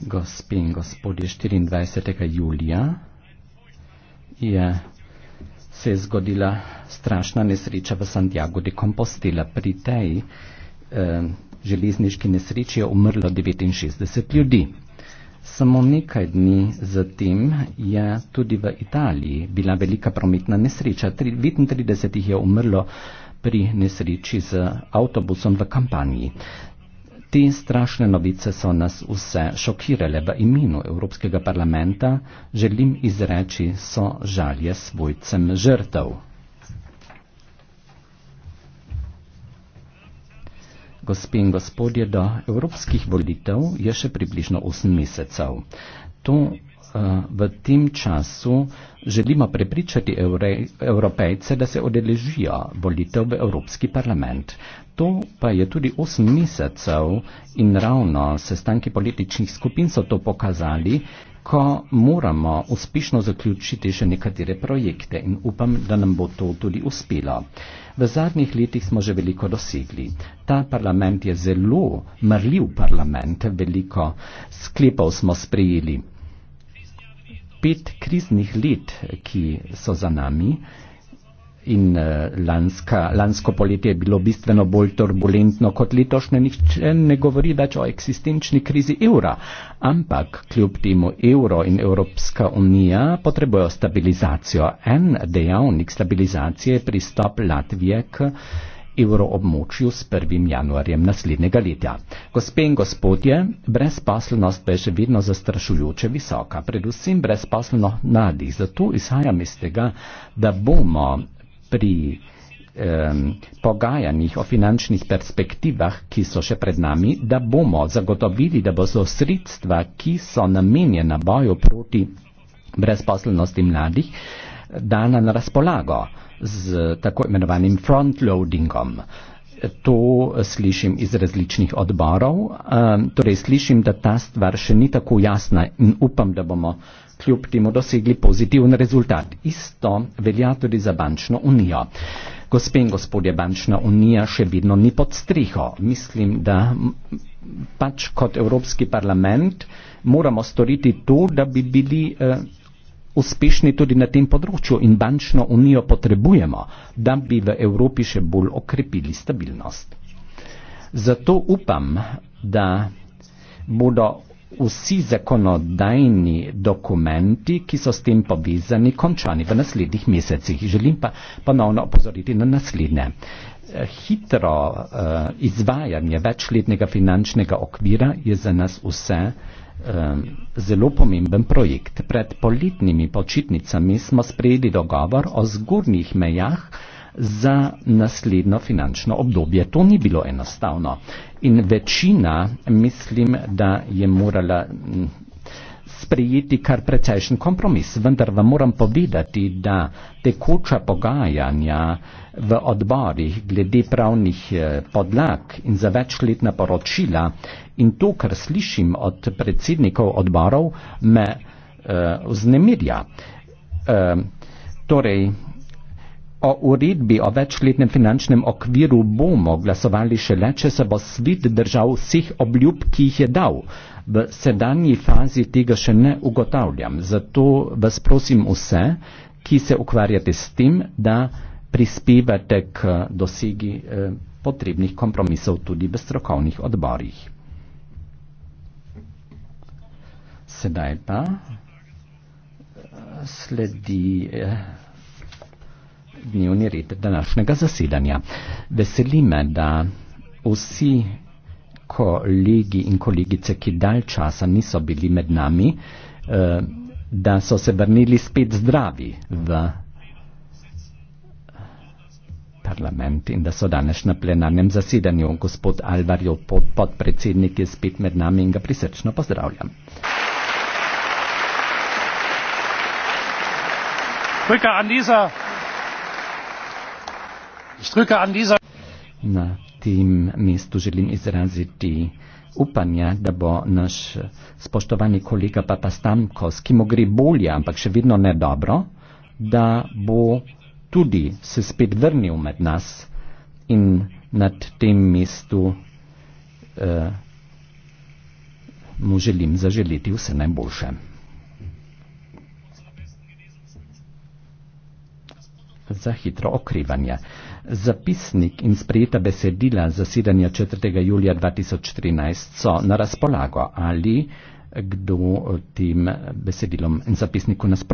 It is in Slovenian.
gospe in gospodje, 24. julija je, se je zgodila strašna nesreča v Santiago de Compostela. Pri tej eh, železniški nesreči je umrlo 69 ljudi. Samo nekaj dni zatem je tudi v Italiji bila velika prometna nesreča. 35 jih je umrlo pri nesreči z avtobusom v kampanji. Te strašne novice so nas vse šokirale v imenu Evropskega parlamenta, želim izreči so žalje svojcem žrtev. Gospe in gospodje, do evropskih volitev je še približno 8 mesecev. To Eh, v tem času želimo prepričati evropejce, da se odeležijo volitev v Evropski parlament. To pa je tudi 8 mesecev in ravno sestanki političnih skupin so to pokazali, ko moramo uspešno zaključiti še nekatere projekte in upam, da nam bo to tudi uspelo. V zadnjih letih smo že veliko dosegli. Ta parlament je zelo mrljiv parlament, veliko sklepov smo sprejeli pet kriznih let, ki so za nami in eh, lanska, lansko poletje je bilo bistveno bolj turbulentno kot letošnje, nihče ne govori več o eksistenčni krizi evra, ampak kljub temu evro in Evropska unija potrebujo stabilizacijo. En dejavnik stabilizacije je pristop Latvije k evroobmočju s 1. januarjem naslednjega leta. Gospe in gospodje, brezposelnost pa je še vedno zastrašujoče visoka, predvsem brezposelno mladih. Zato izhajam iz tega, da bomo pri pogajanjih o finančnih perspektivah, ki so še pred nami, da bomo zagotovili, da bo so sredstva, ki so namenjena boju proti brezposelnosti mladih, dana na razpolago z tako imenovanim frontloadingom. To slišim iz različnih odborov, torej slišim, da ta stvar še ni tako jasna in upam, da bomo kljub temu dosegli pozitiven rezultat. Isto velja tudi za bančno unijo. Gospe in gospodje, bančna unija še vedno ni pod striho. Mislim, da pač kot Evropski parlament moramo storiti to, da bi bili. Eh, uspešni tudi na tem področju in bančno unijo potrebujemo, da bi v Evropi še bolj okrepili stabilnost. Zato upam, da bodo vsi zakonodajni dokumenti, ki so s tem povezani, končani v naslednjih mesecih. Želim pa ponovno opozoriti na naslednje. Hitro uh, izvajanje večletnega finančnega okvira je za nas vse uh, zelo pomemben projekt. Pred poletnimi počitnicami smo sprejeli dogovor o zgornjih mejah za naslednjo finančno obdobje. To ni bilo enostavno. In večina, mislim, da je morala sprejeti kar precejšen kompromis. Vendar vam moram povedati, da tekoča pogajanja v odborih glede pravnih eh, podlag in za večletna poročila in to, kar slišim od predsednikov odborov, me uh, vznemirja. Uh, torej, O uredbi o večletnem finančnem okviru bomo glasovali šele, če se bo svet držal vseh obljub, ki jih je dal. V sedanji fazi tega še ne ugotavljam. Zato vas prosim vse, ki se ukvarjate s tem, da prispevate k dosegi eh, potrebnih kompromisov tudi v strokovnih odborih. Sedaj pa eh, sledi. Eh, dnevni red današnjega zasedanja. Veseli me, da vsi kolegi in kolegice, ki dalj časa niso bili med nami, eh, da so se vrnili spet zdravi v parlament in da so danes na plenarnem zasedanju. Gospod Alvarjo, podpredsednik je spet med nami in ga prisrčno pozdravljam. Rika, an dieser Na tem mestu želim izraziti upanje, da bo naš spoštovani kolega Papa Stankos, ki mu gre bolje, ampak še vedno ne dobro, da bo tudi se spet vrnil med nas in na tem mestu eh, mu želim zaželiti vse najboljše. Za hitro okrivanje. Zapisnik in sprejeta besedila zasedanja 4. julija 2013 so na razpolago ali kdo tem besedilom in zapisniku nasprotuje.